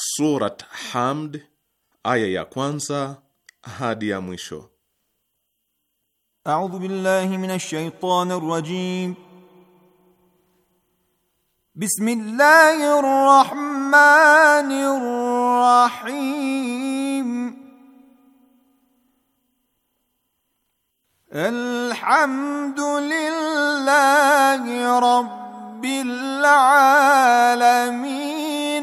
Surat Hamd aya ya kwanza hadi ya mwisho. A'udhu billahi minash shaitanir rajim. Bismillahir rahmanir rahim. Alhamdulillahi rabbil alamin.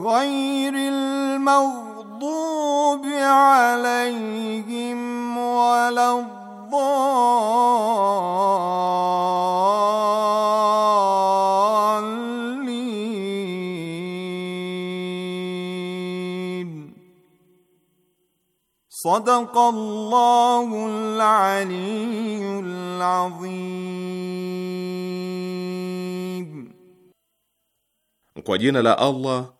غير المغضوب عليهم ولا الضالين صدق الله العلي العظيم Kwa jina la Allah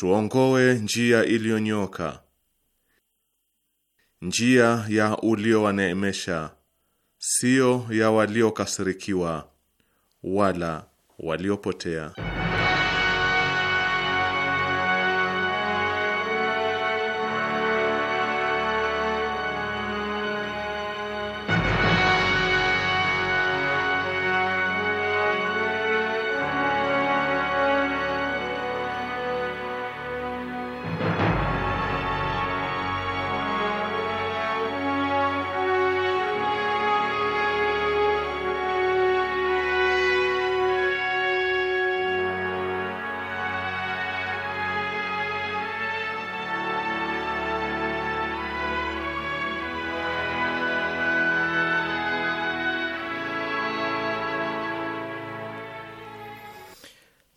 tuongoe njia iliyonyoka, njia ya uliowaneemesha, sio ya waliokasirikiwa wala waliopotea.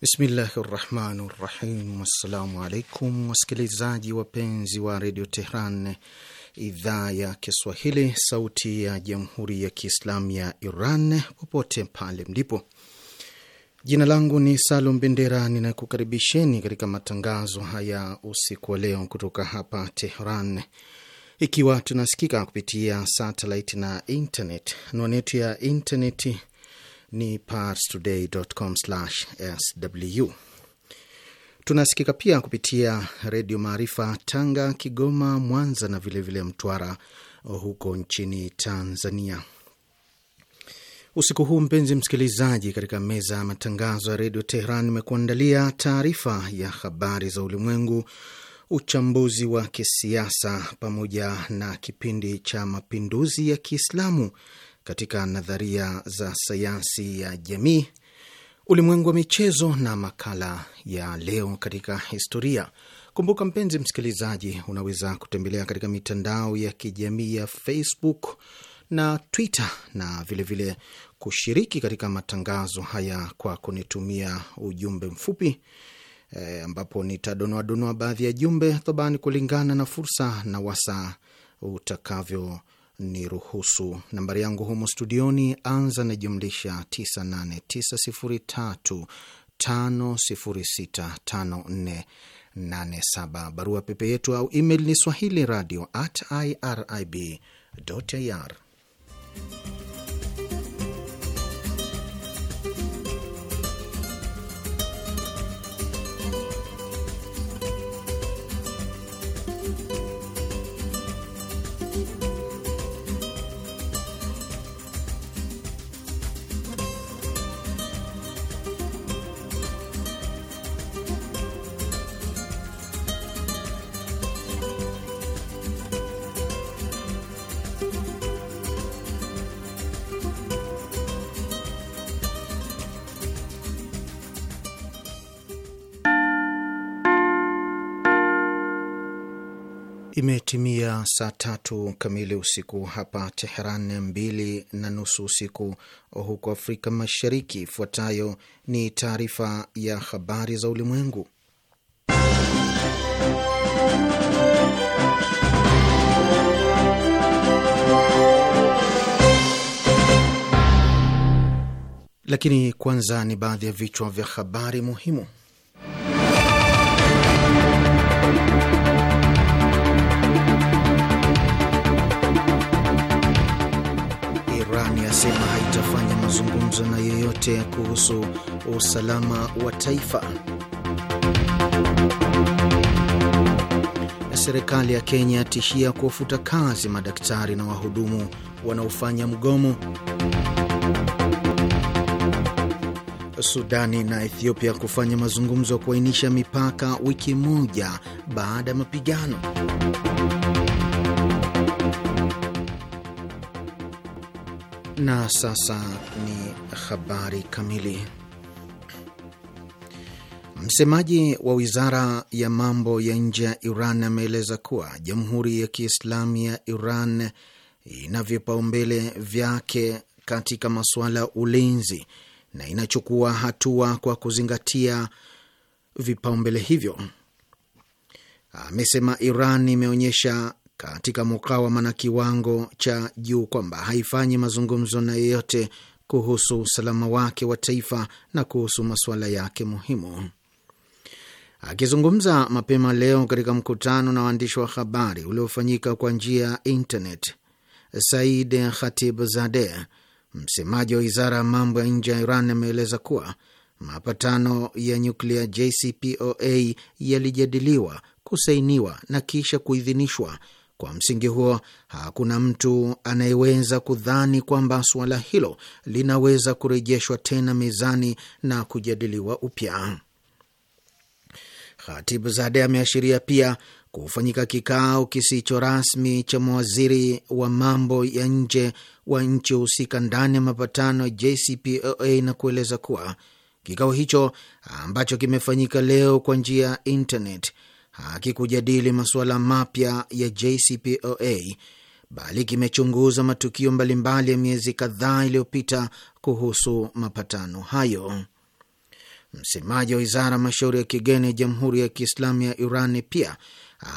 Bismillahi rahmani rahim. Assalamu alaikum wasikilizaji wapenzi wa redio Tehran, idhaa ya Kiswahili, sauti ya jamhuri ya kiislamu ya Iran, popote pale mlipo. Jina langu ni Salum Bendera, ninakukaribisheni katika matangazo haya usiku wa leo kutoka hapa Tehran, ikiwa tunasikika kupitia satelit na internet. Anwani yetu ya internet ni parstoday.com/sw. Tunasikika pia kupitia Redio Maarifa Tanga, Kigoma, Mwanza na vilevile vile Mtwara huko nchini Tanzania. Usiku huu mpenzi msikilizaji, katika meza ya matangazo ya Redio Teheran imekuandalia taarifa ya habari za ulimwengu, uchambuzi wa kisiasa, pamoja na kipindi cha mapinduzi ya Kiislamu katika nadharia za sayansi ya jamii, ulimwengu wa michezo na makala ya leo katika historia. Kumbuka mpenzi msikilizaji, unaweza kutembelea katika mitandao ya kijamii ya Facebook na Twitter na vilevile vile kushiriki katika matangazo haya kwa kunitumia ujumbe mfupi e, ambapo nitadonoadonoa baadhi ya jumbe thobani kulingana na fursa na wasaa utakavyo ni ruhusu nambari yangu humo studioni, anza na jumlisha 989035065487. Barua pepe yetu au email ni swahili radio at irib.ir. Imetimia saa tatu kamili usiku hapa Teheran, mbili na nusu usiku huko Afrika Mashariki. Ifuatayo ni taarifa ya habari za ulimwengu, lakini kwanza ni baadhi ya vichwa vya habari muhimu. imesema haitafanya mazungumzo na yeyote kuhusu usalama wa taifa. Serikali ya Kenya yatishia kuwafuta kazi madaktari na wahudumu wanaofanya mgomo. Sudani na Ethiopia kufanya mazungumzo ya kuainisha mipaka wiki moja baada ya mapigano. Na sasa ni habari kamili. Msemaji wa wizara ya mambo ya nje ya Iran ameeleza kuwa Jamhuri ya Kiislamu ya Iran ina vipaumbele vyake katika masuala ya ulinzi na inachukua hatua kwa kuzingatia vipaumbele hivyo. Amesema Iran imeonyesha katika mukawama na kiwango cha juu kwamba haifanyi mazungumzo na yeyote kuhusu usalama wake wa taifa na kuhusu masuala yake muhimu. Akizungumza mapema leo katika mkutano na waandishi wa habari uliofanyika kwa njia ya internet, Said zade msemaji wa wizara ya mambo ya nje ya Iran, ameeleza kuwa mapatano ya nyuklia JCPOA yalijadiliwa, kusainiwa na kisha kuidhinishwa kwa msingi huo hakuna mtu anayeweza kudhani kwamba suala hilo linaweza kurejeshwa tena mezani na kujadiliwa upya. Khatibu Zade ameashiria pia kufanyika kikao kisicho rasmi cha mawaziri wa mambo ya nje wa nchi husika ndani ya mapatano ya JCPOA na kueleza kuwa kikao hicho ambacho kimefanyika leo kwa njia ya internet hakikujadili masuala mapya ya JCPOA bali kimechunguza matukio mbalimbali ya miezi kadhaa iliyopita kuhusu mapatano hayo. Msemaji wa wizara mashauri ya kigeni ya Jamhuri ya Kiislamu ya Iran pia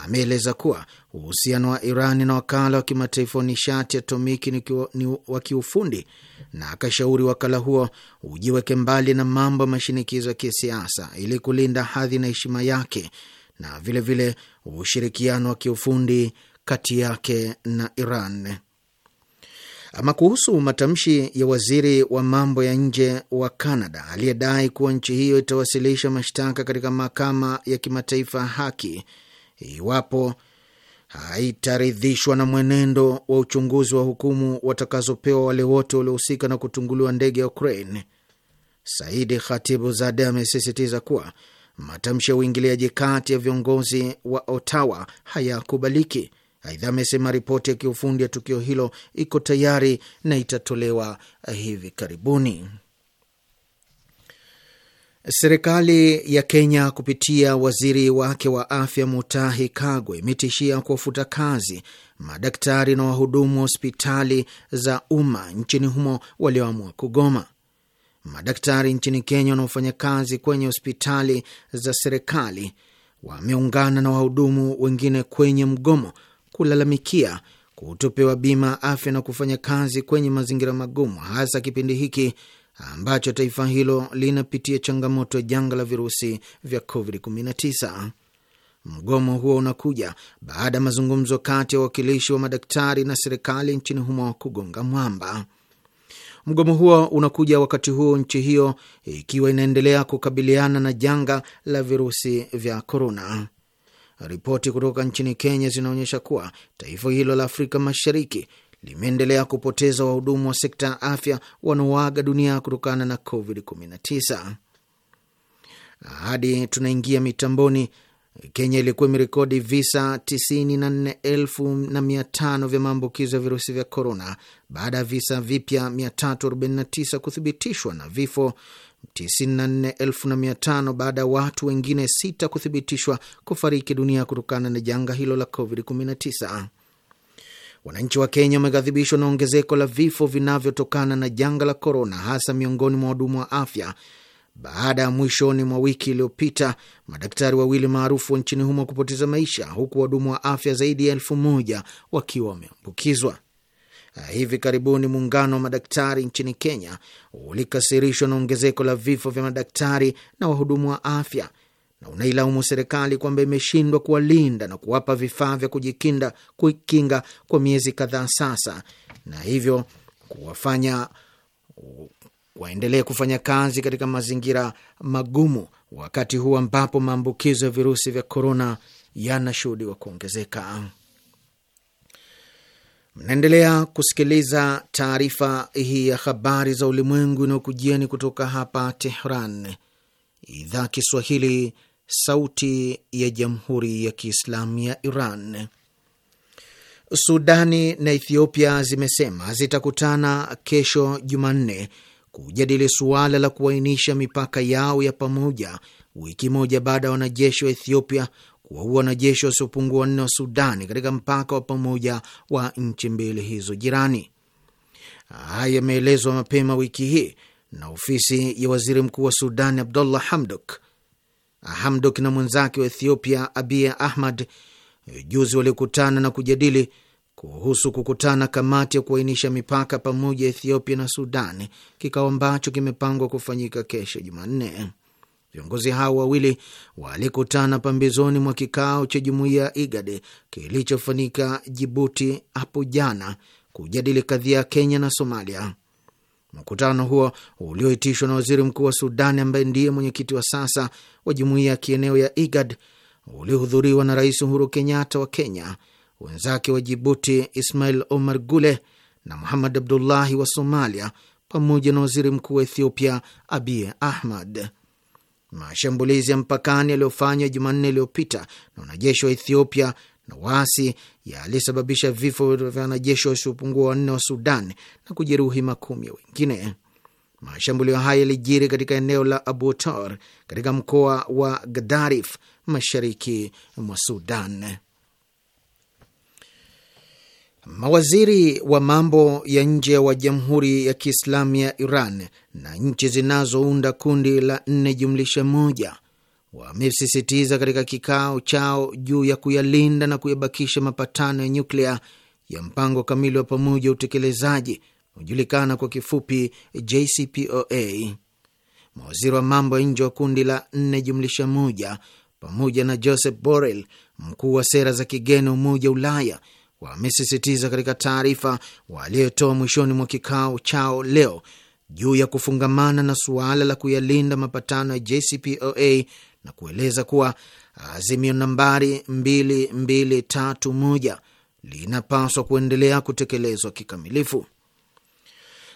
ameeleza kuwa uhusiano wa Iran na wakala wa kimataifa wa nishati atomiki ni wa kiufundi, na akashauri wakala huo ujiweke mbali na mambo ya mashinikizo ya kisiasa ili kulinda hadhi na heshima yake na vilevile vile ushirikiano wa kiufundi kati yake na Iran. Ama kuhusu matamshi ya waziri wa mambo ya nje wa canada aliyedai kuwa nchi hiyo itawasilisha mashtaka katika mahakama ya kimataifa ya haki iwapo haitaridhishwa na mwenendo wa uchunguzi wa hukumu watakazopewa wale wote waliohusika na kutunguliwa ndege ya Ukraine, Saidi Khatibu Zade amesisitiza kuwa Matamshi ya uingiliaji kati ya viongozi wa Ottawa hayakubaliki. Aidha, amesema ripoti ya kiufundi ya tukio hilo iko tayari na itatolewa hivi karibuni. Serikali ya Kenya kupitia waziri wake wa afya Mutahi Kagwe imetishia kuwafuta kazi madaktari na wahudumu wa hospitali za umma nchini humo walioamua kugoma. Madaktari nchini Kenya wanaofanya kazi kwenye hospitali za serikali wameungana na wahudumu wengine kwenye mgomo kulalamikia kutopewa bima afya na kufanya kazi kwenye mazingira magumu, hasa kipindi hiki ambacho taifa hilo linapitia changamoto ya janga la virusi vya COVID-19. Mgomo huo unakuja baada ya mazungumzo kati ya wawakilishi wa madaktari na serikali nchini humo kugonga mwamba. Mgomo huo unakuja wakati huo nchi hiyo ikiwa inaendelea kukabiliana na janga la virusi vya korona. Ripoti kutoka nchini Kenya zinaonyesha kuwa taifa hilo la Afrika Mashariki limeendelea kupoteza wahudumu wa sekta ya afya wanaoaga dunia kutokana na COVID-19. Hadi tunaingia mitamboni, Kenya ilikuwa imerekodi visa 94,500 vya maambukizo ya virusi vya korona baada ya visa vipya 349 kuthibitishwa na vifo 94,500 baada ya watu wengine sita kuthibitishwa kufariki dunia kutokana na janga hilo la COVID-19. Wananchi wa Kenya wameghadhibishwa na ongezeko la vifo vinavyotokana na janga la korona, hasa miongoni mwa wahudumu wa afya baada ya mwishoni mwa wiki iliyopita madaktari wawili maarufu nchini humo kupoteza maisha huku wahudumu wa afya zaidi ya elfu moja wakiwa wameambukizwa. Ah, hivi karibuni muungano wa madaktari nchini Kenya ulikasirishwa na ongezeko la vifo vya madaktari na wahudumu wa afya na unailaumu serikali kwamba imeshindwa kuwalinda na kuwapa vifaa vya kujikinda kuikinga kwa miezi kadhaa sasa, na hivyo kuwafanya waendelee kufanya kazi katika mazingira magumu, wakati huu ambapo maambukizo ya virusi vya korona yanashuhudiwa kuongezeka. Mnaendelea kusikiliza taarifa hii ya habari za ulimwengu inayokujieni kutoka hapa Tehran, idhaa Kiswahili, sauti ya jamhuri ya kiislamu ya Iran. Sudani na Ethiopia zimesema zitakutana kesho Jumanne kujadili suala la kuainisha mipaka yao ya pamoja, wiki moja baada ya wanajeshi wa Ethiopia kuwaua wanajeshi wasiopungua wanne wa Sudani katika mpaka wa pamoja wa nchi mbili hizo jirani. Haya yameelezwa mapema wiki hii na ofisi ya waziri mkuu wa Sudani Abdullah Hamdok. Hamdok na mwenzake wa Ethiopia Abiy Ahmed juzi walikutana na kujadili kuhusu kukutana kamati ya kuainisha mipaka pamoja Ethiopia na Sudani, kikao ambacho kimepangwa kufanyika kesho Jumanne. Viongozi hao wawili walikutana pambizoni mwa kikao cha jumuiya ya IGAD kilichofanyika Jibuti hapo jana kujadili kadhia ya Kenya na Somalia. Mkutano huo ulioitishwa na waziri mkuu wa Sudani ambaye ndiye mwenyekiti wa sasa wa jumuiya ya kieneo ya IGAD ulihudhuriwa na Rais Uhuru Kenyatta wa Kenya, wenzake wa Jibuti Ismail Omar Gule na Muhammad Abdullahi wa Somalia, pamoja na waziri mkuu wa Ethiopia Abiy Ahmed. Mashambulizi ya mpakani yaliyofanywa Jumanne iliyopita na wanajeshi wa Ethiopia na waasi yalisababisha vifo vya wanajeshi wasiopungua wanne wa Sudan na kujeruhi makumi ya wengine. Mashambulio haya yalijiri katika eneo la Abutor katika mkoa wa Gadarif mashariki mwa Sudan. Mawaziri wa mambo ya nje wa Jamhuri ya Kiislamu ya Iran na nchi zinazounda kundi la nne jumlisha moja wamesisitiza katika kikao chao juu ya kuyalinda na kuyabakisha mapatano ya nyuklia ya mpango kamili wa pamoja wa utekelezaji hujulikana kwa kifupi JCPOA. Mawaziri wa mambo ya nje wa kundi la nne jumlisha moja pamoja na Joseph Borrell, mkuu wa sera za kigeni Umoja Ulaya wamesisitiza katika taarifa waliotoa mwishoni mwa kikao chao leo juu ya kufungamana na suala la kuyalinda mapatano ya JCPOA na kueleza kuwa azimio nambari 2231 linapaswa kuendelea kutekelezwa kikamilifu.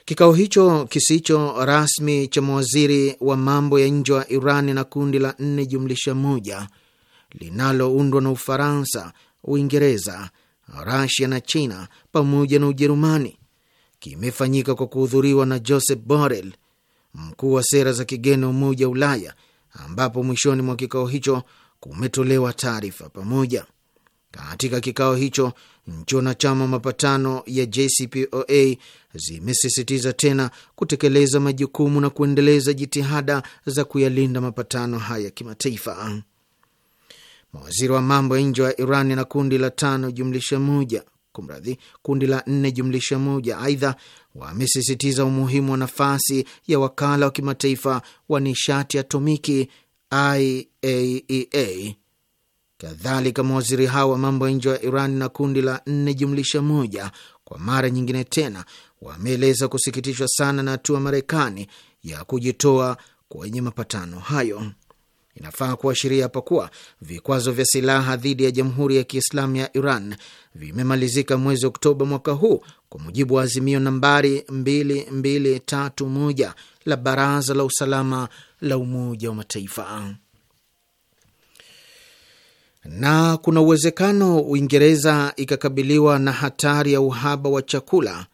Kikao hicho kisicho rasmi cha mawaziri wa mambo ya nje wa Iran na kundi la nne jumlisha moja linaloundwa na Ufaransa, Uingereza, rusia na China pamoja na Ujerumani kimefanyika kwa kuhudhuriwa na Joseph Borrell, mkuu wa sera za kigeni wa Umoja wa Ulaya, ambapo mwishoni mwa kikao hicho kumetolewa taarifa pamoja. Katika kikao hicho, nchi wanachama mapatano ya JCPOA zimesisitiza tena kutekeleza majukumu na kuendeleza jitihada za kuyalinda mapatano haya kimataifa mawaziri wa mambo ya nje wa Iran na kundi la tano jumlisha moja kumradhi, kundi la nne jumlisha moja. Aidha, wamesisitiza umuhimu wa nafasi ya wakala wa kimataifa wa nishati atomiki IAEA. E Kadhalika, mawaziri hao wa mambo ya nje wa Iran na kundi la nne jumlisha moja kwa mara nyingine tena wameeleza kusikitishwa sana na hatua Marekani ya kujitoa kwenye mapatano hayo inafaa kuashiria hapa kuwa vikwazo vya silaha dhidi ya Jamhuri ya Kiislamu ya Iran vimemalizika mwezi Oktoba mwaka huu kwa mujibu wa azimio nambari 2231 la Baraza la Usalama la Umoja wa Mataifa. Na kuna uwezekano Uingereza ikakabiliwa na hatari ya uhaba wa chakula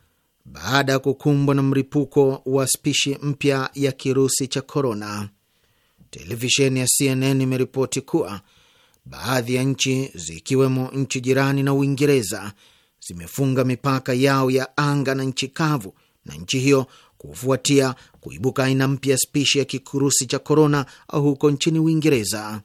baada ya kukumbwa na mlipuko wa spishi mpya ya kirusi cha korona televisheni ya CNN imeripoti kuwa baadhi ya nchi zikiwemo nchi jirani na Uingereza zimefunga mipaka yao ya anga na nchi kavu na nchi hiyo kufuatia kuibuka aina mpya ya spishi ya kirusi cha korona huko nchini Uingereza.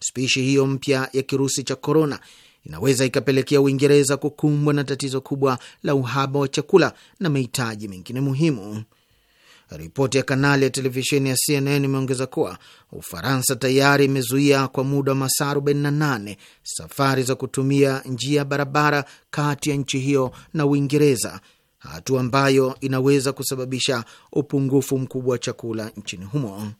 Spishi hiyo mpya ya kirusi cha korona inaweza ikapelekea Uingereza kukumbwa na tatizo kubwa la uhaba wa chakula na mahitaji mengine muhimu. Ripoti ya kanali ya televisheni ya CNN imeongeza kuwa Ufaransa tayari imezuia kwa muda wa masaa 48 safari za kutumia njia ya barabara kati ya nchi hiyo na Uingereza, hatua ambayo inaweza kusababisha upungufu mkubwa wa chakula nchini humo.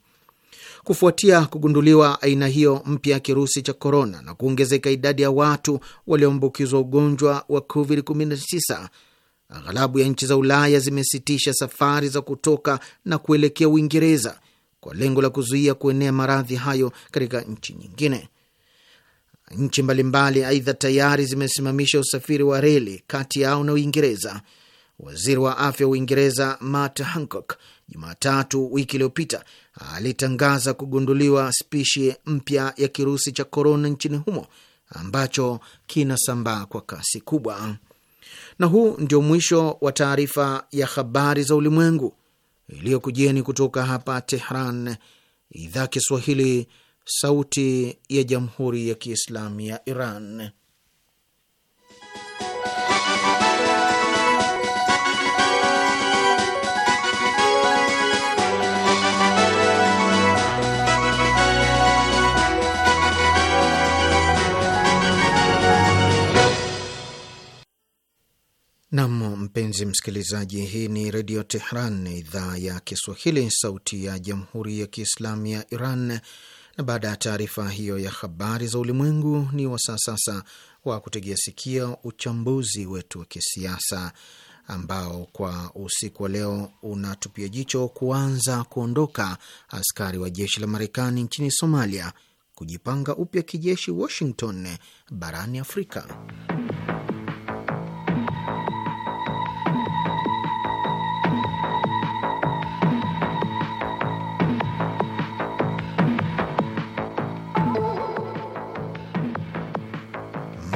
Kufuatia kugunduliwa aina hiyo mpya ya kirusi cha korona na kuongezeka idadi ya watu walioambukizwa ugonjwa wa COVID-19 aghalabu ya nchi za Ulaya zimesitisha safari za kutoka na kuelekea Uingereza kwa lengo la kuzuia kuenea maradhi hayo katika nchi nyingine. Nchi mbalimbali aidha, tayari zimesimamisha usafiri wa reli kati yao na Uingereza. Waziri wa afya wa Uingereza Matt Hancock Jumatatu wiki iliyopita alitangaza kugunduliwa spishi mpya ya kirusi cha korona nchini humo ambacho kinasambaa kwa kasi kubwa. Na huu ndio mwisho wa taarifa ya habari za ulimwengu iliyokujieni kutoka hapa Tehran, idhaa Kiswahili, sauti ya jamhuri ya kiislamu ya Iran. Nam, mpenzi msikilizaji, hii ni Redio Tehran, idhaa ya Kiswahili, sauti ya Jamhuri ya Kiislamu ya Iran. Na baada ya taarifa hiyo ya habari za ulimwengu, ni wasaa sasa wa kutegea sikia uchambuzi wetu wa kisiasa ambao kwa usiku wa leo unatupia jicho kuanza kuondoka askari wa jeshi la Marekani nchini Somalia, kujipanga upya kijeshi Washington barani Afrika.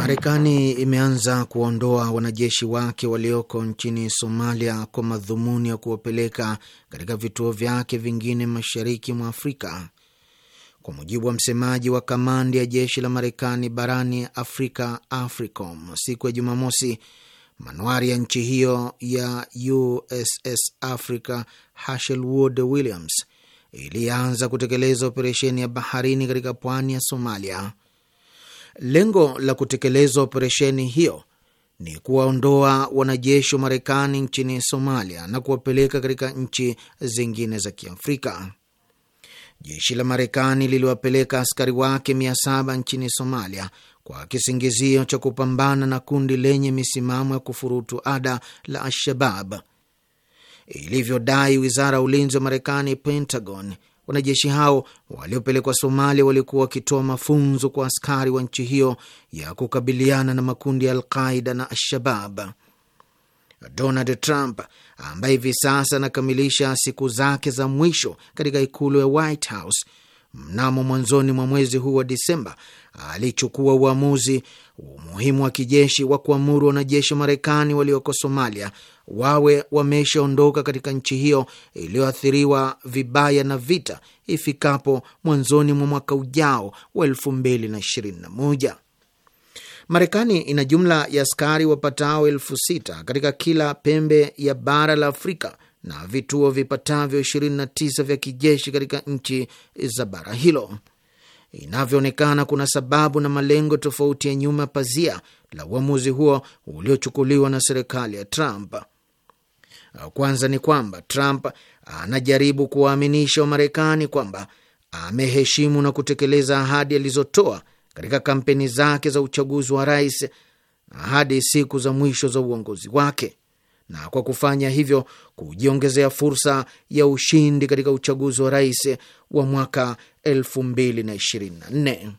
Marekani imeanza kuwaondoa wanajeshi wake walioko nchini Somalia kwa madhumuni ya kuwapeleka katika vituo vyake vingine mashariki mwa Afrika. Kwa mujibu wa msemaji wa kamandi ya jeshi la Marekani barani Afrika, AFRICOM, siku ya Jumamosi, manuari ya nchi hiyo ya USS Africa Hashelwood Williams ilianza kutekeleza operesheni ya baharini katika pwani ya Somalia. Lengo la kutekeleza operesheni hiyo ni kuwaondoa wanajeshi wa Marekani nchini Somalia na kuwapeleka katika nchi zingine za Kiafrika. Jeshi la Marekani liliwapeleka askari wake mia saba nchini Somalia kwa kisingizio cha kupambana na kundi lenye misimamo ya kufurutu ada la Alshabab, ilivyodai wizara ya ulinzi wa Marekani, Pentagon. Wanajeshi hao waliopelekwa Somalia walikuwa wakitoa mafunzo kwa askari wa nchi hiyo ya kukabiliana na makundi ya Alqaida na Alshabab. Donald Trump ambaye hivi sasa anakamilisha siku zake za mwisho katika ikulu ya White House, mnamo mwanzoni mwa mwezi huu wa Disemba alichukua uamuzi umuhimu wa kijeshi wa kuamuru wanajeshi wa Marekani walioko Somalia wawe wameshaondoka katika nchi hiyo iliyoathiriwa vibaya na vita ifikapo mwanzoni mwa mwaka ujao wa elfu mbili na ishirini na moja. Marekani ina jumla ya askari wapatao elfu sita katika kila pembe ya bara la Afrika na vituo vipatavyo 29 vya kijeshi katika nchi za bara hilo. Inavyoonekana kuna sababu na malengo tofauti ya nyuma pazia la uamuzi huo uliochukuliwa na serikali ya Trump. Kwanza ni kwamba Trump anajaribu kuwaaminisha Wamarekani kwamba ameheshimu na kutekeleza ahadi alizotoa katika kampeni zake za uchaguzi wa rais hadi siku za mwisho za uongozi wake na kwa kufanya hivyo kujiongezea fursa ya ushindi katika uchaguzi wa rais wa mwaka 2024.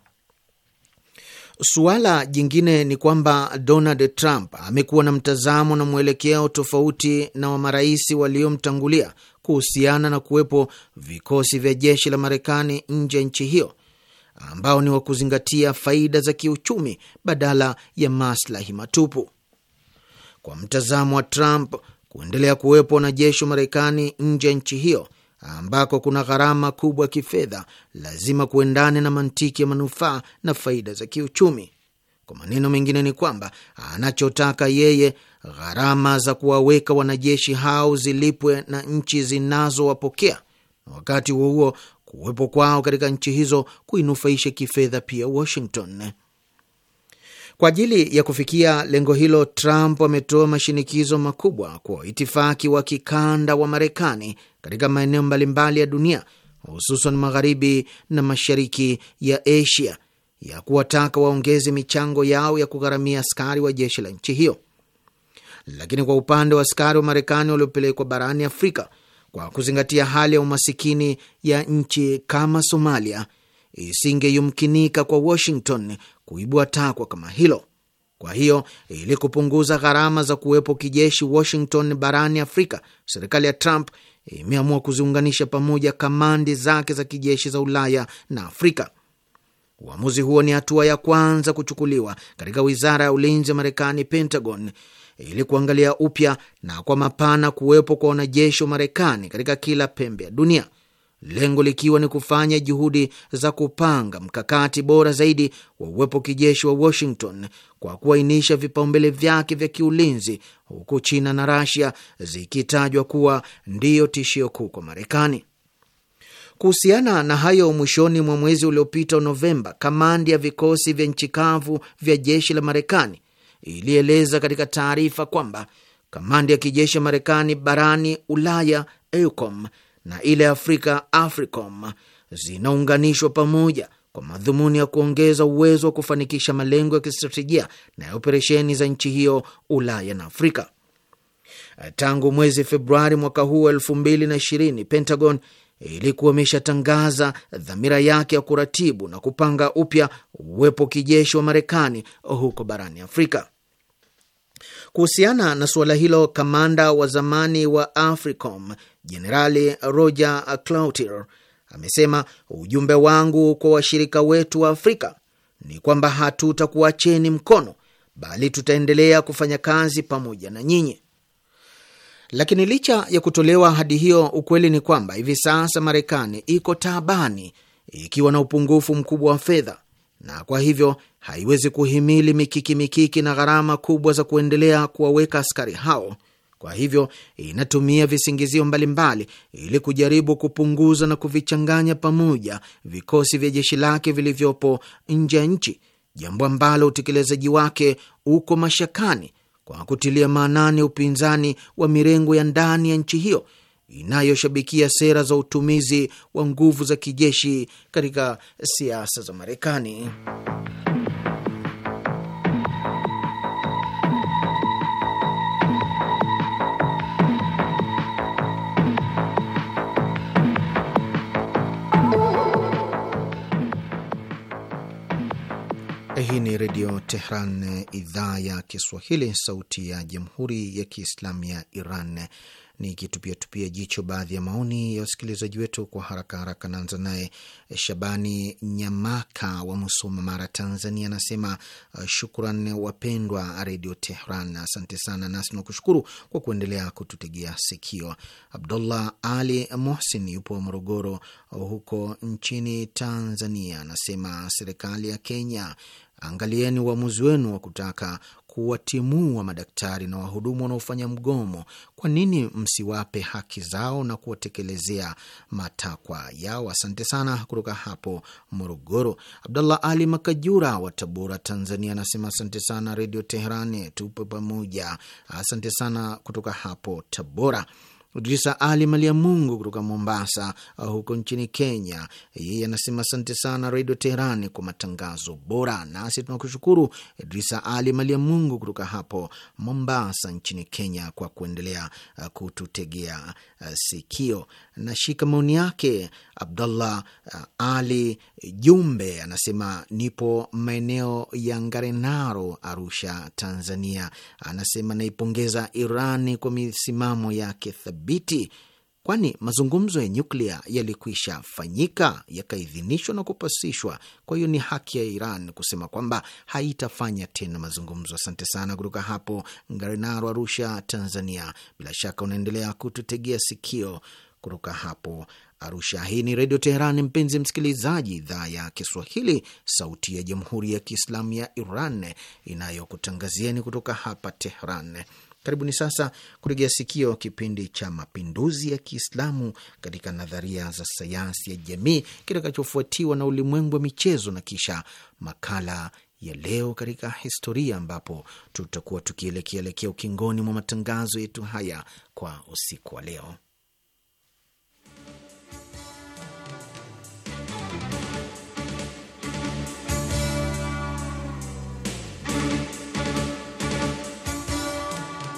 Suala jingine ni kwamba Donald Trump amekuwa na mtazamo na mwelekeo tofauti na wa marais waliomtangulia kuhusiana na kuwepo vikosi vya jeshi la Marekani nje ya nchi hiyo ambao ni wa kuzingatia faida za kiuchumi badala ya maslahi matupu. Kwa mtazamo wa Trump, kuendelea kuwepo wanajeshi wa Marekani nje ya nchi hiyo ambako kuna gharama kubwa ya kifedha lazima kuendane na mantiki ya manufaa na faida za kiuchumi. Kwa maneno mengine, ni kwamba anachotaka yeye, gharama za kuwaweka wanajeshi hao zilipwe na nchi zinazowapokea, na wakati huo huo kuwepo kwao katika nchi hizo kuinufaisha kifedha pia Washington. Kwa ajili ya kufikia lengo hilo, Trump ametoa mashinikizo makubwa kwa itifaki wa kikanda wa Marekani katika maeneo mbalimbali ya dunia, hususan magharibi na mashariki ya Asia, ya kuwataka waongeze michango yao ya kugharamia askari wa jeshi la nchi hiyo. Lakini kwa upande wa askari wa Marekani waliopelekwa barani Afrika, kwa kuzingatia hali ya umasikini ya nchi kama Somalia, isingeyumkinika kwa Washington kuibua takwa kama hilo. Kwa hiyo ili kupunguza gharama za kuwepo kijeshi Washington barani Afrika, serikali ya Trump imeamua kuziunganisha pamoja kamandi zake za kijeshi za Ulaya na Afrika. Uamuzi huo ni hatua ya kwanza kuchukuliwa katika wizara ya ulinzi ya Marekani, Pentagon, ili kuangalia upya na kwa mapana kuwepo kwa wanajeshi wa Marekani katika kila pembe ya dunia lengo likiwa ni kufanya juhudi za kupanga mkakati bora zaidi wa uwepo kijeshi wa Washington kwa kuainisha vipaumbele vyake vya kiulinzi, huku China na Rasia zikitajwa kuwa ndiyo tishio kuu kwa Marekani. Kuhusiana na hayo, mwishoni mwa mwezi uliopita Novemba, kamandi ya vikosi vya nchi kavu vya jeshi la Marekani ilieleza katika taarifa kwamba kamandi ya kijeshi ya Marekani barani Ulaya AUCOM, na ile ya Afrika AFRICOM zinaunganishwa pamoja kwa madhumuni ya kuongeza uwezo wa kufanikisha malengo ya kistratejia na ya operesheni za nchi hiyo Ulaya na Afrika. Tangu mwezi Februari mwaka huu elfu mbili na ishirini, Pentagon ilikuwa imeshatangaza dhamira yake ya kuratibu na kupanga upya uwepo kijeshi wa Marekani huko barani Afrika. Kuhusiana na suala hilo, kamanda wa zamani wa AFRICOM Jenerali Roger Cloutier amesema ujumbe wangu kwa washirika wetu wa Afrika ni kwamba hatutakuacheni mkono, bali tutaendelea kufanya kazi pamoja na nyinyi. Lakini licha ya kutolewa ahadi hiyo, ukweli ni kwamba hivi sasa Marekani iko taabani, ikiwa na upungufu mkubwa wa fedha, na kwa hivyo haiwezi kuhimili mikiki mikiki na gharama kubwa za kuendelea kuwaweka askari hao. Kwa hivyo inatumia visingizio mbalimbali ili kujaribu kupunguza na kuvichanganya pamoja vikosi vya jeshi lake vilivyopo nje ya nchi, jambo ambalo utekelezaji wake uko mashakani kwa kutilia maanani upinzani wa mirengo ya ndani ya nchi hiyo inayoshabikia sera za utumizi wa nguvu za kijeshi katika siasa za Marekani. Hii ni Redio Tehran, idhaa ya Kiswahili, sauti ya Jamhuri ya Kiislamu ya Iran. Ni kitupiatupia jicho baadhi ya maoni ya wasikilizaji wetu kwa haraka haraka. Naanza naye Shabani Nyamaka wa Musoma, Mara, Tanzania, anasema uh, shukran wapendwa Redio Tehran, asante sana, nasi tunakushukuru kwa kuendelea kututegea sikio. Abdullah Ali Mohsin yupo Morogoro uh, huko nchini Tanzania, anasema serikali ya Kenya Angalieni uamuzi wenu wa kutaka kuwatimua madaktari na wahudumu wanaofanya mgomo. Kwa nini msiwape haki zao na kuwatekelezea matakwa yao? Asante sana. Kutoka hapo Morogoro, Abdallah Ali Makajura wa Tabora, Tanzania, anasema asante sana Redio Teherani, tupe pamoja. Asante sana kutoka hapo Tabora. Idrisa Ali Mali ya Mungu kutoka Mombasa uh, huko nchini Kenya, yeye anasema asante sana Redio Teherani kwa matangazo bora. Nasi tunakushukuru Idrisa Ali Mali ya Mungu kutoka hapo Mombasa nchini Kenya kwa kuendelea uh, kututegea uh, sikio. Nashika maoni yake. Abdullah Ali Jumbe anasema nipo maeneo ya Ngarenaro, Arusha, Tanzania. Anasema naipongeza Irani kwa misimamo yake thabiti thabiti, kwani mazungumzo ya nyuklia yalikwisha fanyika yakaidhinishwa na kupasishwa. Kwa hiyo ni haki ya Iran kusema kwamba haitafanya tena mazungumzo. Asante sana kutoka hapo Ngarenaro, Arusha, Tanzania. Bila shaka unaendelea kututegea sikio kutoka hapo Arusha. Hii ni Redio Teheran, mpenzi msikilizaji, idhaa ya Kiswahili, sauti ya Jamhuri ya Kiislamu ya Iran inayokutangazieni kutoka hapa Teheran. Karibuni sasa kurejea sikio kipindi cha Mapinduzi ya Kiislamu katika Nadharia za Sayansi ya Jamii, kitakachofuatiwa na Ulimwengu wa Michezo na kisha makala ya Leo katika Historia, ambapo tutakuwa tukielekeelekea ukingoni mwa matangazo yetu haya kwa usiku wa leo.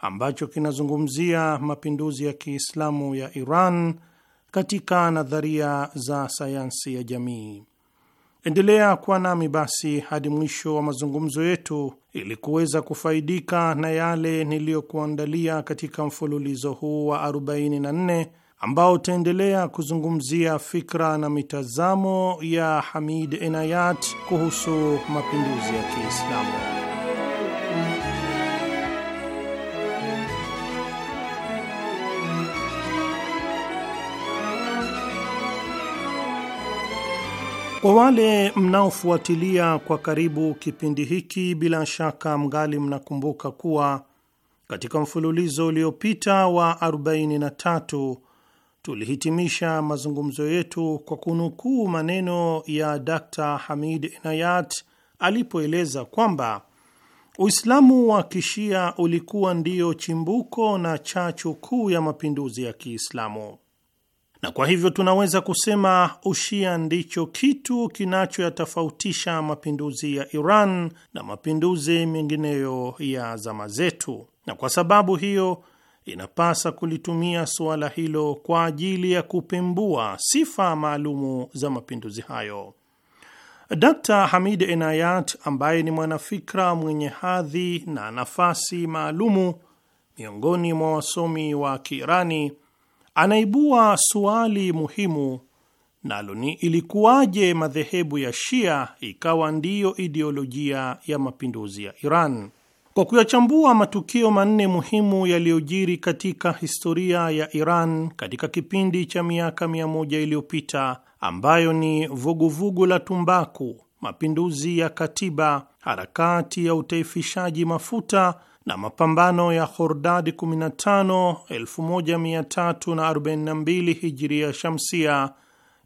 ambacho kinazungumzia mapinduzi ya Kiislamu ya Iran katika nadharia za sayansi ya jamii. Endelea kuwa nami basi hadi mwisho wa mazungumzo yetu ili kuweza kufaidika na yale niliyokuandalia katika mfululizo huu wa 44 ambao utaendelea kuzungumzia fikra na mitazamo ya Hamid Enayat kuhusu mapinduzi ya Kiislamu. Kwa wale mnaofuatilia kwa karibu kipindi hiki, bila shaka mgali mnakumbuka kuwa katika mfululizo uliopita wa 43 tulihitimisha mazungumzo yetu kwa kunukuu maneno ya Dr. Hamid Inayat alipoeleza kwamba Uislamu wa Kishia ulikuwa ndiyo chimbuko na chachu kuu ya mapinduzi ya Kiislamu na kwa hivyo tunaweza kusema ushia ndicho kitu kinachoyatofautisha mapinduzi ya Iran na mapinduzi mengineyo ya zama zetu, na kwa sababu hiyo inapasa kulitumia suala hilo kwa ajili ya kupembua sifa maalumu za mapinduzi hayo. Dr. Hamid Enayat ambaye ni mwanafikra mwenye hadhi na nafasi maalumu miongoni mwa wasomi wa Kiirani anaibua suali muhimu, nalo ni ilikuwaje madhehebu ya Shia ikawa ndiyo ideolojia ya mapinduzi ya Iran? Kwa kuyachambua matukio manne muhimu yaliyojiri katika historia ya Iran katika kipindi cha miaka mia moja iliyopita ambayo ni vuguvugu vugu la tumbaku, mapinduzi ya katiba, harakati ya utaifishaji mafuta na mapambano ya Khordadi 15 1342 Hijiria Shamsia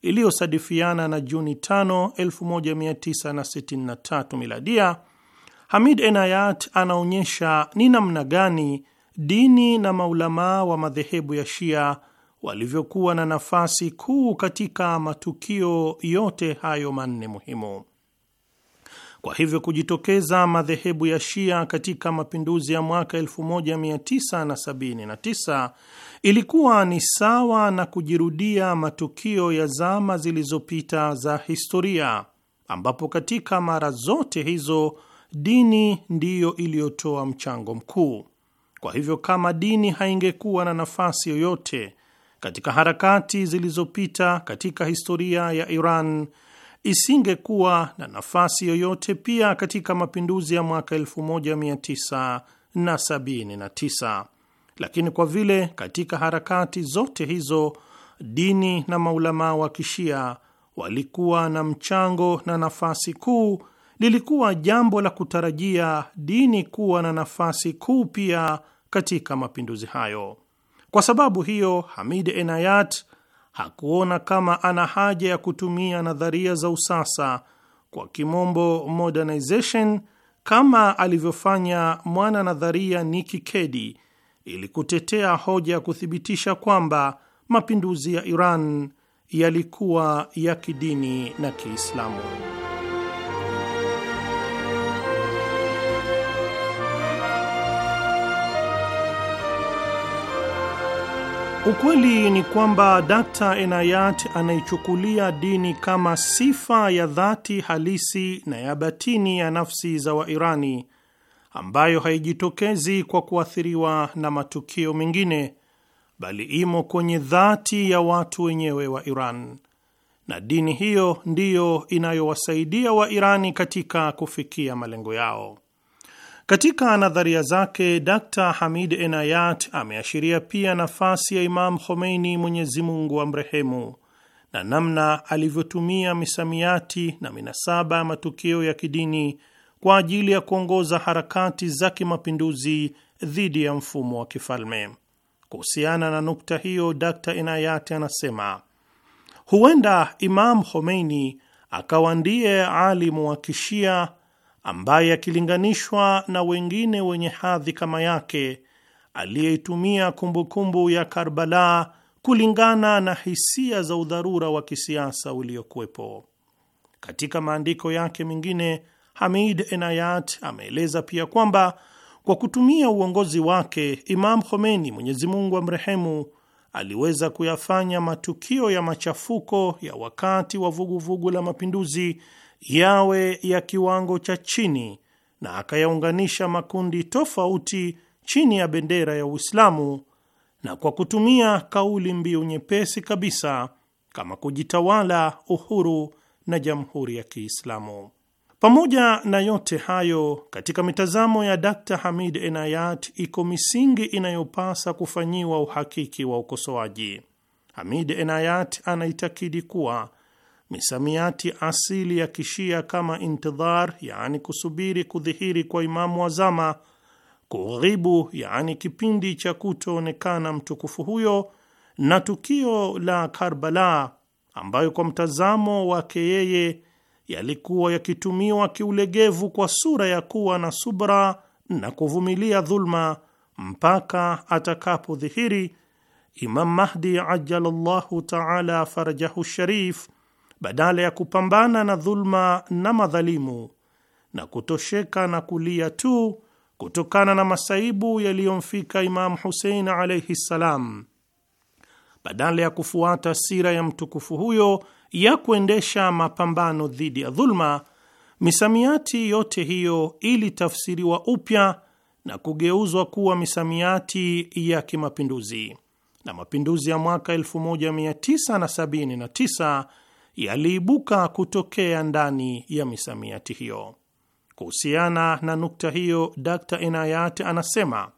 iliyosadifiana na Juni 5 1963 Miladia, Hamid Enayat anaonyesha ni namna gani dini na maulamaa wa madhehebu ya Shia walivyokuwa na nafasi kuu katika matukio yote hayo manne muhimu. Kwa hivyo kujitokeza madhehebu ya Shia katika mapinduzi ya mwaka 1979 ilikuwa ni sawa na kujirudia matukio ya zama zilizopita za historia, ambapo katika mara zote hizo dini ndiyo iliyotoa mchango mkuu. Kwa hivyo kama dini haingekuwa na nafasi yoyote katika harakati zilizopita katika historia ya Iran isingekuwa na nafasi yoyote pia katika mapinduzi ya mwaka 1979 lakini kwa vile katika harakati zote hizo dini na maulamaa wa kishia walikuwa na mchango na nafasi kuu, lilikuwa jambo la kutarajia dini kuwa na nafasi kuu pia katika mapinduzi hayo. Kwa sababu hiyo, Hamid Enayat hakuona kama ana haja ya kutumia nadharia za usasa, kwa kimombo modernization, kama alivyofanya mwana nadharia Nikki Keddie ili kutetea hoja ya kuthibitisha kwamba mapinduzi ya Iran yalikuwa ya kidini na Kiislamu. Ukweli ni kwamba Dr. Enayat anaichukulia dini kama sifa ya dhati halisi na ya batini ya nafsi za Wairani ambayo haijitokezi kwa kuathiriwa na matukio mengine bali imo kwenye dhati ya watu wenyewe wa Iran, na dini hiyo ndiyo inayowasaidia Wairani katika kufikia malengo yao. Katika nadharia zake Dr Hamid Enayat ameashiria pia nafasi ya Imam Khomeini, Mwenyezi Mungu amrehemu, na namna alivyotumia misamiati na minasaba ya matukio ya kidini kwa ajili ya kuongoza harakati za kimapinduzi dhidi ya mfumo wa kifalme. Kuhusiana na nukta hiyo, Dr Enayat anasema huenda Imam Khomeini akawa ndiye alimu wa kishia ambaye akilinganishwa na wengine wenye hadhi kama yake aliyeitumia kumbukumbu ya Karbala kulingana na hisia za udharura wa kisiasa uliokuwepo. Katika maandiko yake mengine, Hamid Enayat ameeleza pia kwamba kwa kutumia uongozi wake Imam Khomeini, Mwenyezi Mungu amrehemu, aliweza kuyafanya matukio ya machafuko ya wakati wa vuguvugu vugu la mapinduzi yawe ya kiwango cha chini na akayaunganisha makundi tofauti chini ya bendera ya Uislamu na kwa kutumia kauli mbiu nyepesi kabisa kama kujitawala, uhuru na jamhuri ya Kiislamu. Pamoja na yote hayo, katika mitazamo ya Dr. Hamid Enayat iko misingi inayopasa kufanyiwa uhakiki wa ukosoaji. Hamid Enayat anaitakidi kuwa misamiati asili ya kishia kama intidhar, yaani kusubiri kudhihiri kwa imamu wa zama, kughibu, yaani kipindi cha kutoonekana mtukufu huyo, na tukio la Karbala ambayo kwa mtazamo wake yeye yalikuwa yakitumiwa kiulegevu kwa sura ya kuwa na subra na kuvumilia dhulma mpaka atakapodhihiri Imam Mahdi ajalallahu taala farajahu sharif badala ya kupambana na dhuluma na madhalimu na kutosheka na kulia tu kutokana na masaibu yaliyomfika Imamu Husein alaihi ssalam, badala ya kufuata sira ya mtukufu huyo ya kuendesha mapambano dhidi ya dhuluma, misamiati yote hiyo ilitafsiriwa upya na kugeuzwa kuwa misamiati ya kimapinduzi, na mapinduzi ya mwaka 1979 yaliibuka kutokea ndani ya misamiati hiyo. Kuhusiana na nukta hiyo, Dr. Inayat anasema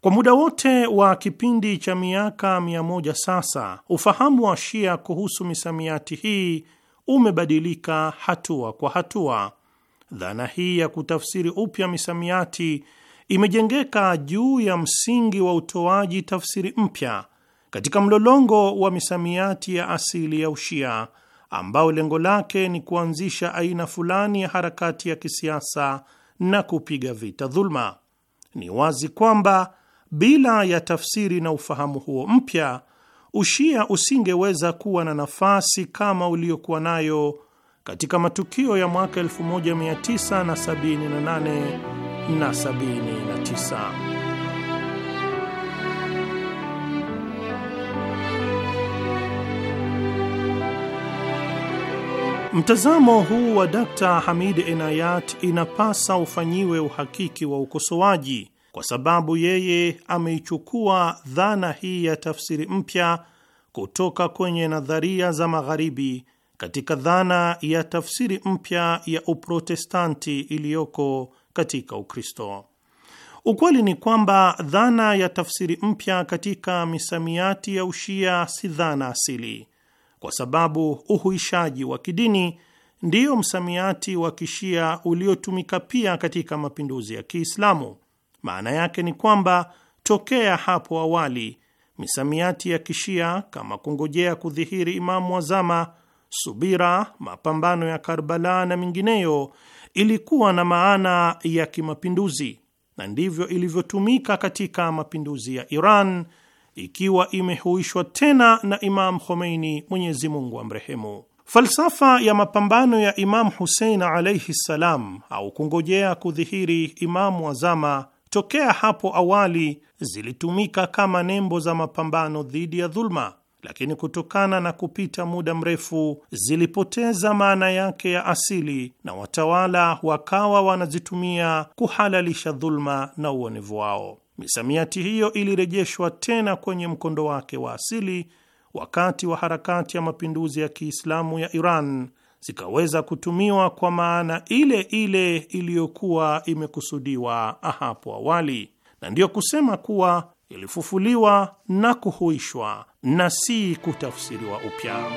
kwa muda wote wa kipindi cha miaka mia moja sasa, ufahamu wa Shia kuhusu misamiati hii umebadilika hatua kwa hatua. Dhana hii ya kutafsiri upya misamiati imejengeka juu ya msingi wa utoaji tafsiri mpya katika mlolongo wa misamiati ya asili ya Ushia ambao lengo lake ni kuanzisha aina fulani ya harakati ya kisiasa na kupiga vita dhuluma. Ni wazi kwamba bila ya tafsiri na ufahamu huo mpya, Ushia usingeweza kuwa na nafasi kama uliokuwa nayo katika matukio ya mwaka 1978 na 79. Mtazamo huu wa Dr. Hamid Enayat inapasa ufanyiwe uhakiki wa ukosoaji, kwa sababu yeye ameichukua dhana hii ya tafsiri mpya kutoka kwenye nadharia za Magharibi katika dhana ya tafsiri mpya ya Uprotestanti iliyoko katika Ukristo. Ukweli ni kwamba dhana ya tafsiri mpya katika misamiati ya Ushia si dhana asili kwa sababu uhuishaji wa kidini ndiyo msamiati wa kishia uliotumika pia katika mapinduzi ya Kiislamu. Maana yake ni kwamba tokea hapo awali misamiati ya kishia kama kungojea kudhihiri Imamu wazama, subira, mapambano ya Karbala na mingineyo ilikuwa na maana ya kimapinduzi, na ndivyo ilivyotumika katika mapinduzi ya Iran ikiwa imehuishwa tena na Imam Khomeini, Mwenyezi Mungu amrehemu. Falsafa ya mapambano ya Imam Husein alaihi ssalam au kungojea kudhihiri Imamu wazama tokea hapo awali zilitumika kama nembo za mapambano dhidi ya dhulma, lakini kutokana na kupita muda mrefu zilipoteza maana yake ya asili na watawala wakawa wanazitumia kuhalalisha dhulma na uonevu wao. Misamiati hiyo ilirejeshwa tena kwenye mkondo wake wa asili wakati wa harakati ya mapinduzi ya Kiislamu ya Iran, zikaweza kutumiwa kwa maana ile ile iliyokuwa imekusudiwa hapo awali, na ndiyo kusema kuwa ilifufuliwa na kuhuishwa na si kutafsiriwa upya.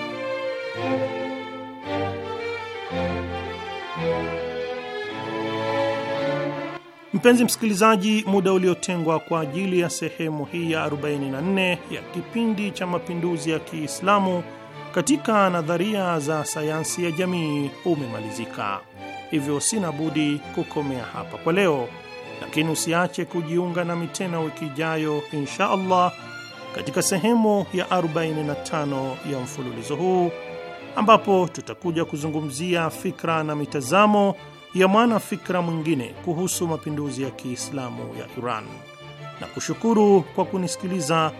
Mpenzi msikilizaji, muda uliotengwa kwa ajili ya sehemu hii ya 44 ya kipindi cha mapinduzi ya Kiislamu katika nadharia za sayansi ya jamii umemalizika, hivyo sina budi kukomea hapa kwa leo, lakini usiache kujiunga nami tena wiki ijayo insha Allah katika sehemu ya 45 ya mfululizo huu ambapo tutakuja kuzungumzia fikra na mitazamo ya mwana fikra mwingine kuhusu mapinduzi ya Kiislamu ya Iran na kushukuru kwa kunisikiliza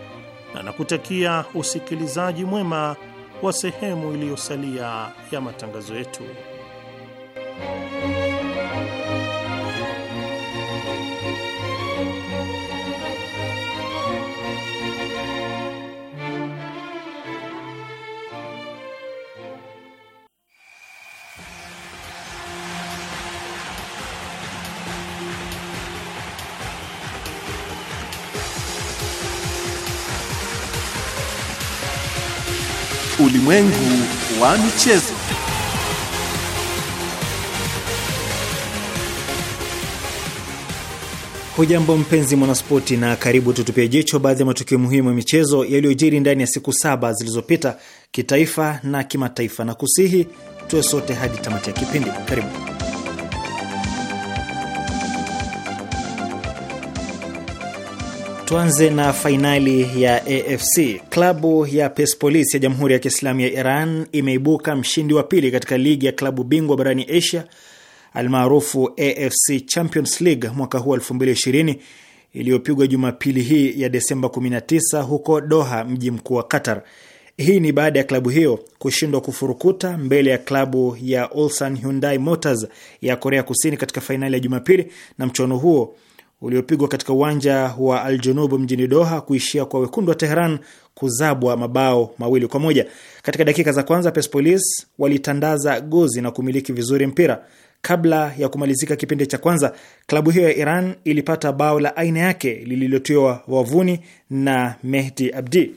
na nakutakia usikilizaji mwema wa sehemu iliyosalia ya matangazo yetu. ulimwengu wa michezo. Hujambo mpenzi mwanaspoti, na karibu tutupie jicho baadhi ya matukio muhimu ya michezo yaliyojiri ndani ya siku saba zilizopita kitaifa na kimataifa, na kusihi tuwe sote hadi tamati ya kipindi. Karibu. Tuanze na fainali ya AFC. Klabu ya Persepolis ya Jamhuri ya Kiislamu ya Iran imeibuka mshindi wa pili katika ligi ya klabu bingwa barani Asia almaarufu AFC Champions League mwaka huu 2020 iliyopigwa Jumapili hii ya Desemba 19 huko Doha, mji mkuu wa Qatar. Hii ni baada ya klabu hiyo kushindwa kufurukuta mbele ya klabu ya Ulsan Hyundai Motors ya Korea Kusini katika fainali ya Jumapili, na mchuano huo uliopigwa katika uwanja wa Al Junub mjini Doha kuishia kwa wekundu wa teheran kuzabwa mabao mawili kwa moja. Katika dakika za kwanza, Persepolis walitandaza gozi na kumiliki vizuri mpira. Kabla ya kumalizika kipindi cha kwanza, klabu hiyo ya Iran ilipata bao la aina yake lililotiwa wavuni na Mehdi Abdi.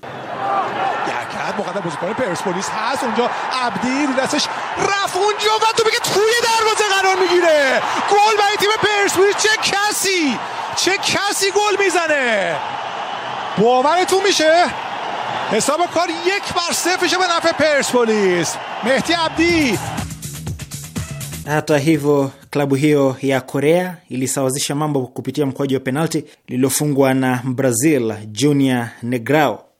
فقط مقدم بازیکن پرسپولیس هست اونجا عبدی رو دستش رفت اونجا و تو بگه توی دروازه قرار میگیره گل برای تیم پرسپولیس چه کسی چه کسی گل میزنه باورتون میشه حساب کار یک بر صفرشه به نفع پرسپولیس مهدی عبدی Hata hivyo klabu hiyo ya Korea ilisawazisha mambo kupitia mkwaji wa penalti lililofungwa na Brazil Junior Negrao.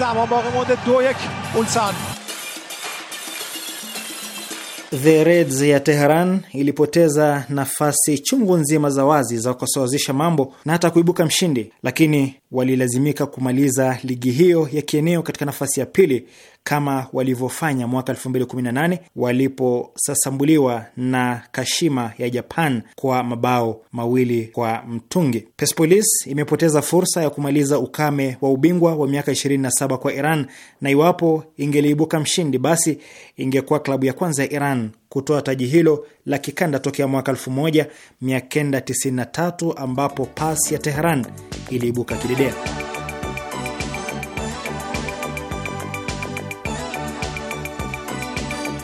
زمان باقی مونده دو یک اولسان The Reds ya Teheran ilipoteza nafasi chungu nzima za wazi za kusawazisha mambo na hata kuibuka mshindi, lakini walilazimika kumaliza ligi hiyo ya kieneo katika nafasi ya pili kama walivyofanya mwaka 2018 waliposasambuliwa na Kashima ya Japan kwa mabao mawili kwa mtungi. Persepolis imepoteza fursa ya kumaliza ukame wa ubingwa wa miaka 27 kwa Iran, na iwapo ingeliibuka mshindi, basi ingekuwa klabu ya kwanza ya Iran kutoa taji hilo la kikanda tokea mwaka 1993 ambapo pasi ya Tehran iliibuka kidedea.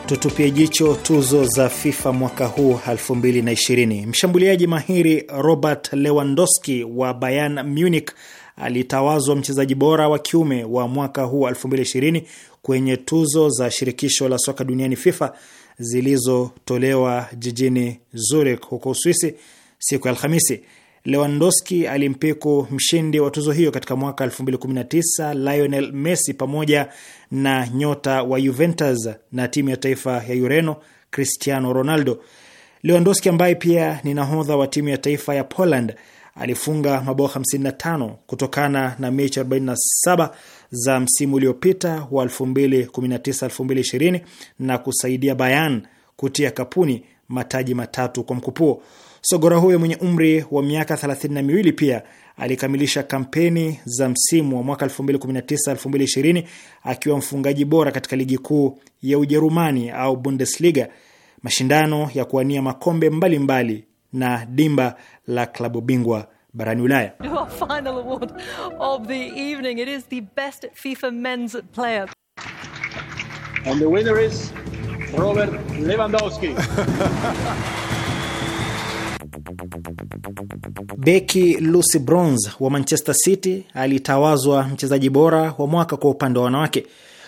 tutupie jicho tuzo za FIFA mwaka huu 2020. Mshambuliaji mahiri Robert Lewandowski wa Bayern Munich alitawazwa mchezaji bora wa kiume wa mwaka huu 2020 kwenye tuzo za shirikisho la soka duniani FIFA zilizotolewa jijini Zurich huko Uswisi siku ya Alhamisi. Lewandowski alimpeko mshindi wa tuzo hiyo katika mwaka 2019 Lionel Messi pamoja na nyota wa Juventus na timu ya taifa ya Ureno Cristiano Ronaldo. Lewandowski ambaye pia ni nahodha wa timu ya taifa ya Poland alifunga mabao 55 kutokana na mechi 47 za msimu uliopita wa 2019-2020 na kusaidia Bayern kutia kapuni mataji matatu kwa mkupuo. Sogora huyo mwenye umri wa miaka 32 pia alikamilisha kampeni za msimu wa mwaka 2019-2020 akiwa mfungaji bora katika ligi kuu ya Ujerumani au Bundesliga, mashindano ya kuwania makombe mbalimbali mbali na dimba la klabu bingwa barani Ulaya. Beki Lucy Bronze wa Manchester City alitawazwa mchezaji bora wa mwaka kwa upande wa wanawake.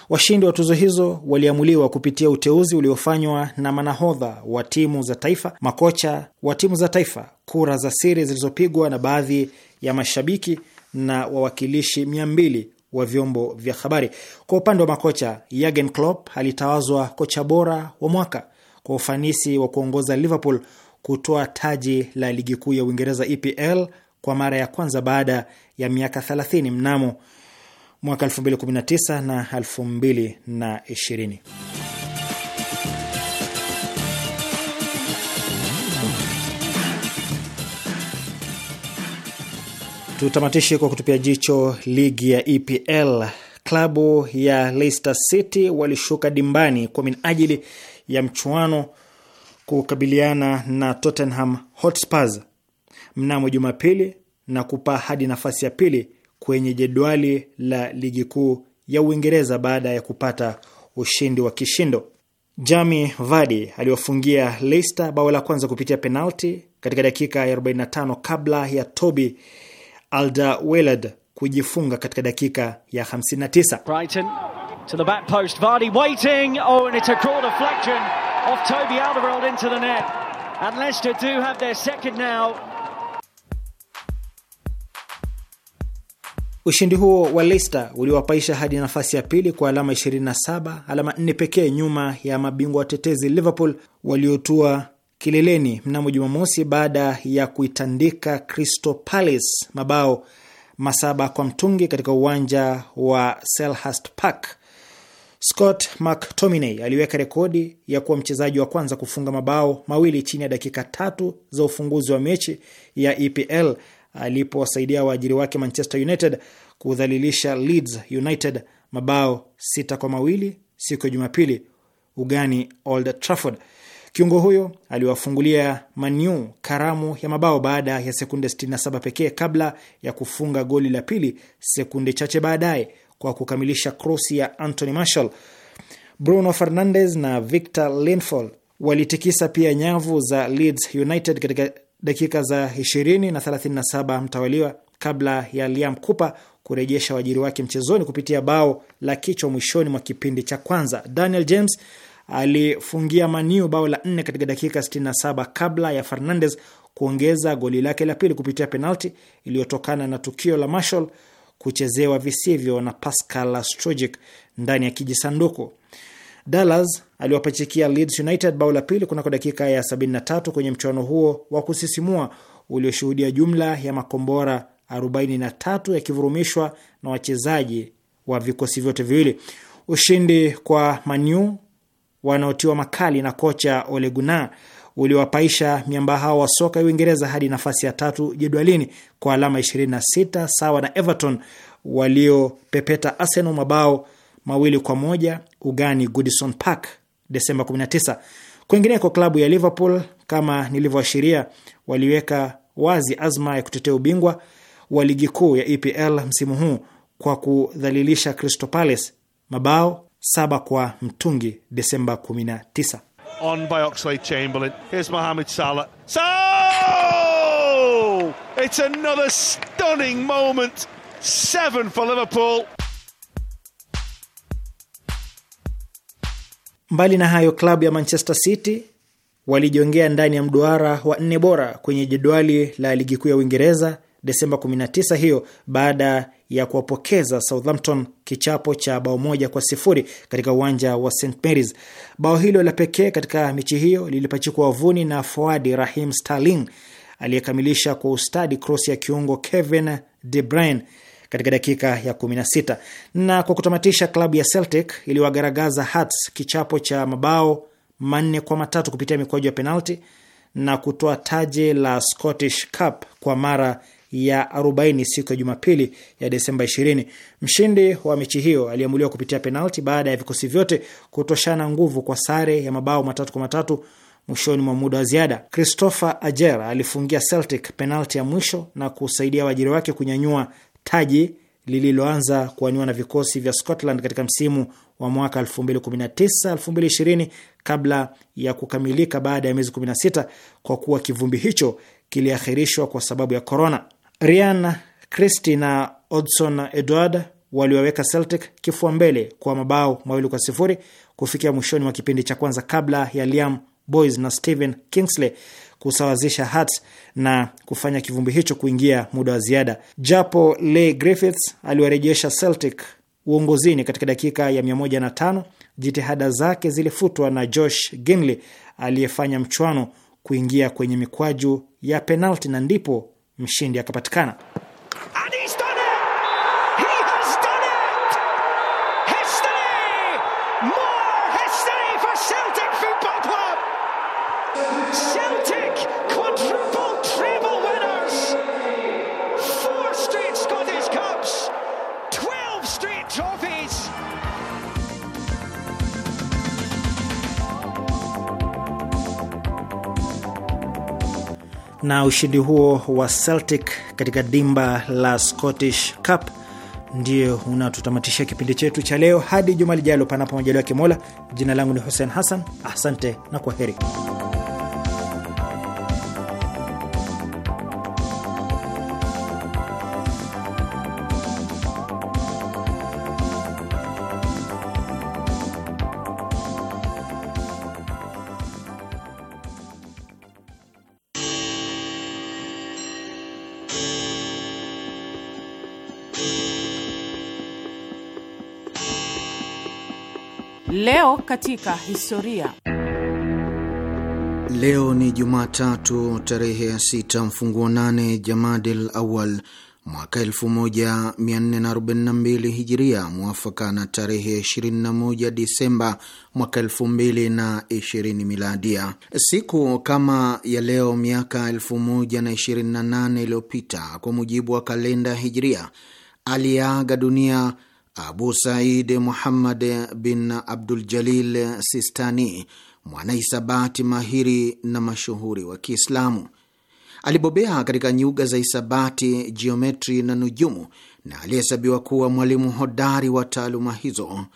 Washindi wa tuzo hizo waliamuliwa kupitia uteuzi uliofanywa na manahodha wa timu za taifa, makocha wa timu za taifa, kura za siri zilizopigwa na baadhi ya mashabiki na wawakilishi mia mbili wa vyombo vya habari. Kwa upande wa makocha, Jurgen Klopp alitawazwa kocha bora wa mwaka kwa ufanisi wa kuongoza Liverpool kutoa taji la ligi kuu ya Uingereza EPL kwa mara ya kwanza baada ya miaka 30 mnamo mwaka 2019 na 2020. Tutamatishe kwa kutupia jicho ligi ya EPL. Klabu ya Leicester City walishuka dimbani kwa minajili ya mchuano kukabiliana na Tottenham Hotspurs mnamo Jumapili na kupaa hadi nafasi ya pili kwenye jedwali la ligi kuu ya Uingereza baada ya kupata ushindi wa kishindo. Jamie Vardy aliwafungia Leicester bao la kwanza kupitia penalti katika dakika ya 45 kabla ya Toby Alderweireld kujifunga katika dakika ya 59. Brighton to the back post, Vardy waiting. Oh, and it's a Off Toby Alderweireld into the net. And Leicester do have their second now. Ushindi huo wa Leicester uliwapaisha hadi nafasi ya pili kwa alama 27, alama nne pekee nyuma ya mabingwa watetezi Liverpool waliotua kileleni mnamo Jumamosi baada ya kuitandika Crystal Palace mabao masaba kwa mtungi katika uwanja wa Selhurst Park. Scott McTominay aliweka rekodi ya kuwa mchezaji wa kwanza kufunga mabao mawili chini ya dakika tatu za ufunguzi wa mechi ya EPL alipowasaidia waajiri wake Manchester United kudhalilisha Leeds United mabao sita kwa mawili siku ya Jumapili ugani Old Trafford. Kiungo huyo aliwafungulia Manu karamu ya mabao baada ya sekunde 67 pekee kabla ya kufunga goli la pili sekunde chache baadaye kwa kukamilisha krosi ya Anthony marshall Bruno Fernandes na Victor Lindelof walitikisa pia nyavu za Leeds United katika dakika za 20 na 37 mtawaliwa kabla ya Liam Cooper kurejesha waajiri wake mchezoni kupitia bao la kichwa mwishoni mwa kipindi cha kwanza. Daniel James alifungia Maniu bao la nne katika dakika 67 kabla ya Fernandes kuongeza goli lake la pili kupitia penalti iliyotokana na tukio la Marshall kuchezewa visivyo na Pascal Strojic ndani ya kijisanduku. Dallas aliwapachikia Leeds United bao la pili kunako dakika ya 73 kwenye mchuano huo wa kusisimua ulioshuhudia jumla ya makombora 43 yakivurumishwa na wachezaji wa vikosi vyote viwili. Ushindi kwa Manu wanaotiwa makali na kocha Ole Gunnar uliwapaisha miamba hao wa soka ya Uingereza hadi nafasi ya tatu jedwalini kwa alama 26 sawa na Everton waliopepeta Arsenal mabao mawili kwa moja ugani Goodison Park Desemba 19. Kwingineko, klabu ya Liverpool kama nilivyoashiria, waliweka wazi azma ya kutetea ubingwa wa ligi kuu ya EPL msimu huu kwa kudhalilisha Crystal Palace mabao saba kwa mtungi Desemba 19 on by Oxlade Chamberlain. Here's Mohamed Salah. So it's another stunning moment. Seven for Liverpool. Mbali na hayo, klabu ya Manchester City walijiongea ndani ya mduara wa nne bora kwenye jedwali la ligi kuu ya Uingereza Desemba 19 hiyo baada ya kuwapokeza Southampton kichapo cha bao moja kwa sifuri katika uwanja wa St Mary's. Bao hilo la pekee katika mechi hiyo lilipachikwa wavuni na foadi Rahim Sterling aliyekamilisha kwa ustadi krosi ya kiungo Kevin De Bruyne katika dakika ya 16. Na kwa kutamatisha, klabu ya Celtic iliwagaragaza Hearts kichapo cha mabao manne kwa matatu kupitia mikwaju ya penalti na kutoa taji la Scottish Cup kwa mara ya 40 siku ya Jumapili ya Desemba 20. Mshindi wa mechi hiyo aliamuliwa kupitia penalti baada ya vikosi vyote kutoshana nguvu kwa sare ya mabao matatu kwa matatu mwishoni mwa muda wa ziada. Christopher Ajera alifungia Celtic penalti ya mwisho na kusaidia waajiri wake kunyanyua taji lililoanza kuaniwa na vikosi vya Scotland katika msimu wa mwaka 2019-2020 kabla ya kukamilika baada ya miezi 16 kwa kuwa kivumbi hicho kiliahirishwa kwa sababu ya korona. Ryan Christie na Odson Edward waliwaweka Celtic kifua mbele kwa mabao mawili kwa sifuri kufikia mwishoni mwa kipindi cha kwanza kabla ya Liam boys na Stephen Kingsley kusawazisha Hearts na kufanya kivumbi hicho kuingia muda wa ziada. Japo Leigh Griffiths aliwarejesha Celtic uongozini katika dakika ya 105, jitihada zake zilifutwa na Josh Ginley aliyefanya mchwano kuingia kwenye mikwaju ya penalti na ndipo mshindi akapatikana. na ushindi huo wa Celtic katika dimba la Scottish Cup ndio unatutamatishia kipindi chetu cha leo. Hadi juma lijalo, panapo majaliwa Kimola. Jina langu ni Hussein Hassan, asante na kwa heri. katika historia. Leo ni Jumatatu tarehe ya sita mfunguo nane Jamadil Awal mwaka 1442 hijiria mwafaka na tarehe 21 Disemba mwaka 2020 miladia. Siku kama ya leo miaka 1028 iliyopita kwa mujibu wa kalenda hijiria aliyeaga dunia Abu Said Muhammad bin Abdul Jalil Sistani, mwanahisabati mahiri na mashuhuri wa Kiislamu. Alibobea katika nyuga za hisabati, jiometri na nujumu, na alihesabiwa kuwa mwalimu hodari wa taaluma hizo.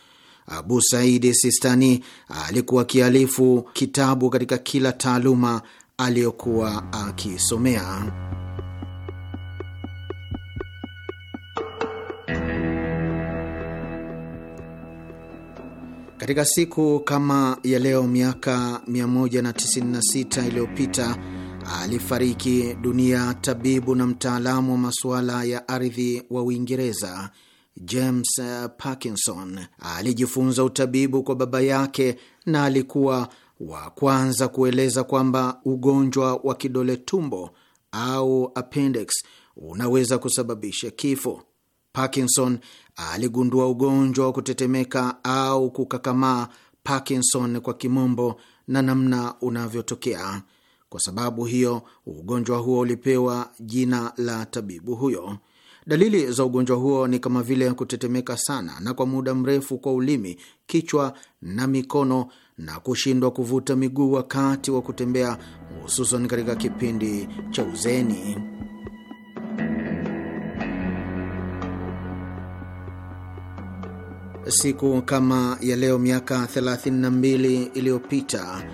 Abu Saidi Sistani alikuwa akialifu kitabu katika kila taaluma aliyokuwa akisomea. Katika siku kama ya leo miaka 196 iliyopita alifariki dunia tabibu na mtaalamu wa masuala ya ardhi wa Uingereza James eh, Parkinson. Alijifunza utabibu kwa baba yake na alikuwa wa kwanza kueleza kwamba ugonjwa wa kidole tumbo au appendix unaweza kusababisha kifo. Parkinson aligundua ugonjwa wa kutetemeka au kukakamaa, Parkinson kwa kimombo, na namna unavyotokea. Kwa sababu hiyo, ugonjwa huo ulipewa jina la tabibu huyo. Dalili za ugonjwa huo ni kama vile kutetemeka sana na kwa muda mrefu kwa ulimi, kichwa na mikono na kushindwa kuvuta miguu wakati wa kutembea, hususan katika kipindi cha uzeni. Siku kama ya leo miaka 32 iliyopita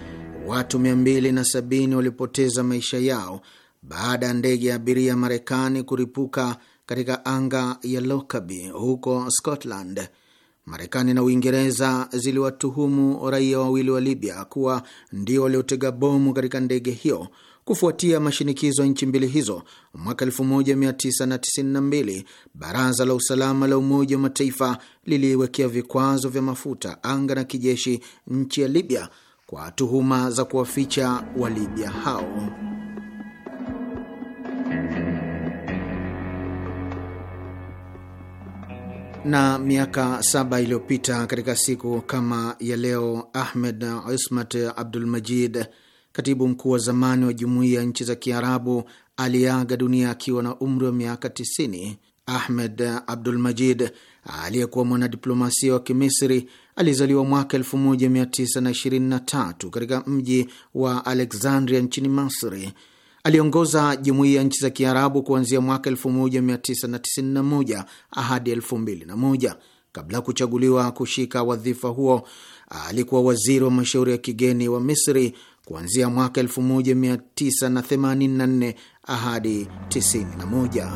watu 270 walipoteza maisha yao baada ya ndege ya abiria ya Marekani kuripuka katika anga ya Lokabi huko Scotland. Marekani na Uingereza ziliwatuhumu raia wawili wa Libya kuwa ndio waliotega bomu katika ndege hiyo Kufuatia mashinikizo ya nchi mbili hizo, mwaka 1992 baraza la usalama la Umoja wa Mataifa liliwekea vikwazo vya mafuta, anga na kijeshi nchi ya Libya kwa tuhuma za kuwaficha Walibya hao. na miaka saba iliyopita katika siku kama ya leo, Ahmed Ismat Abdul Majid Katibu mkuu wa zamani wa Jumuiya ya Nchi za Kiarabu aliaga dunia akiwa na umri wa miaka 90. Ahmed Abdul Majid aliyekuwa mwanadiplomasia wa Kimisri alizaliwa mwaka 1923 katika mji wa Alexandria nchini Misri. Aliongoza jumuiya ya nchi za Kiarabu kuanzia mwaka 1991 hadi 2001. Kabla ya kuchaguliwa kushika wadhifa huo, alikuwa waziri wa mashauri ya kigeni wa Misri kuanzia mwaka 1984 hadi 91.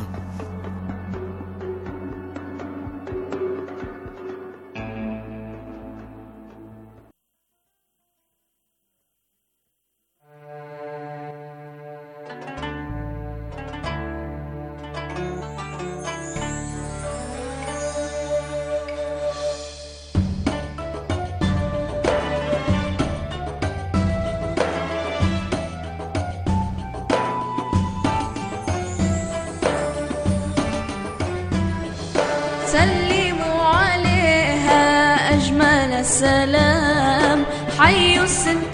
السلام حي السنت